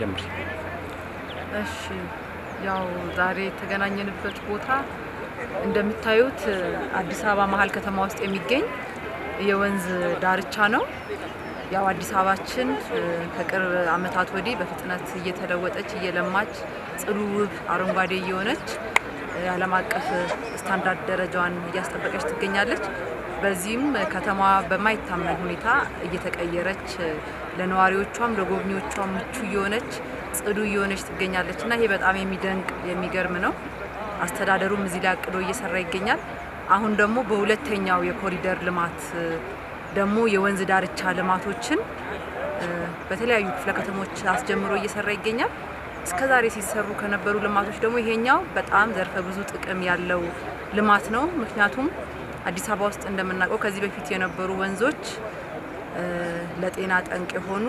ጀምር። እሺ፣ ያው ዛሬ የተገናኘንበት ቦታ እንደምታዩት አዲስ አበባ መሀል ከተማ ውስጥ የሚገኝ የወንዝ ዳርቻ ነው። ያው አዲስ አበባችን ከቅርብ ዓመታት ወዲህ በፍጥነት እየተለወጠች እየለማች ጽዱ፣ ውብ፣ አረንጓዴ እየሆነች የዓለም አቀፍ ስታንዳርድ ደረጃዋን እያስጠበቀች ትገኛለች። በዚህም ከተማዋ በማይታመን ሁኔታ እየተቀየረች ለነዋሪዎቿም ለጎብኚዎቿም ምቹ እየሆነች ጽዱ እየሆነች ትገኛለች እና ይሄ በጣም የሚደንቅ የሚገርም ነው። አስተዳደሩም እዚህ ላይ አቅዶ እየሰራ ይገኛል። አሁን ደግሞ በሁለተኛው የኮሪደር ልማት ደግሞ የወንዝ ዳርቻ ልማቶችን በተለያዩ ክፍለ ከተሞች አስጀምሮ እየሰራ ይገኛል። እስከዛሬ ሲሰሩ ከነበሩ ልማቶች ደግሞ ይሄኛው በጣም ዘርፈ ብዙ ጥቅም ያለው ልማት ነው። ምክንያቱም አዲስ አበባ ውስጥ እንደምናውቀው ከዚህ በፊት የነበሩ ወንዞች ለጤና ጠንቅ የሆኑ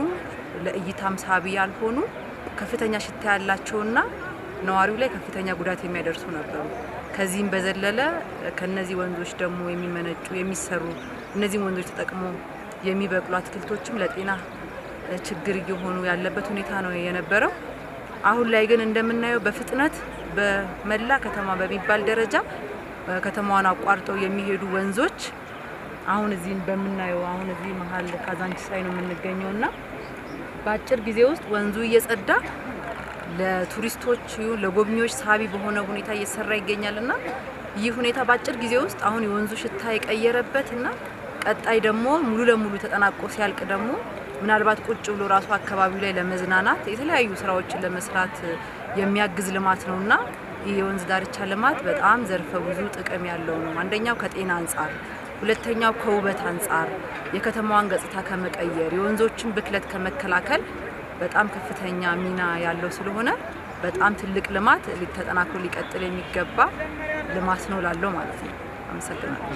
ለእይታም ሳቢ ያልሆኑ ከፍተኛ ሽታ ያላቸውና ነዋሪው ላይ ከፍተኛ ጉዳት የሚያደርሱ ነበሩ። ከዚህም በዘለለ ከነዚህ ወንዞች ደግሞ የሚመነጩ የሚሰሩ እነዚህም ወንዞች ተጠቅሞ የሚበቅሉ አትክልቶችም ለጤና ችግር እየሆኑ ያለበት ሁኔታ ነው የነበረው። አሁን ላይ ግን እንደምናየው በፍጥነት በመላ ከተማ በሚባል ደረጃ ከተማዋን አቋርጠው የሚሄዱ ወንዞች አሁን እዚህን በምናየው አሁን እዚህ መሀል ካዛንቺስ ላይ ነው የምንገኘው በአጭር ጊዜ ውስጥ ወንዙ እየጸዳ ለቱሪስቶች ለጎብኚዎች ሳቢ በሆነ ሁኔታ እየሰራ ይገኛል ይህ ሁኔታ በአጭር ጊዜ ውስጥ አሁን የወንዙ ሽታ የቀየረበት እና ቀጣይ ደግሞ ሙሉ ለሙሉ ተጠናቆ ሲያልቅ ደግሞ ምናልባት ቁጭ ብሎ ራሱ አካባቢው ላይ ለመዝናናት የተለያዩ ስራዎችን ለመስራት የሚያግዝ ልማት ነው እና ይህ የወንዝ ዳርቻ ልማት በጣም ዘርፈ ብዙ ጥቅም ያለው ነው። አንደኛው ከጤና አንጻር፣ ሁለተኛው ከውበት አንጻር፣ የከተማዋን ገጽታ ከመቀየር፣ የወንዞችን ብክለት ከመከላከል በጣም ከፍተኛ ሚና ያለው ስለሆነ በጣም ትልቅ ልማት ተጠናክሮ ሊቀጥል የሚገባ ልማት ነው ላለው ማለት ነው። አመሰግናለሁ።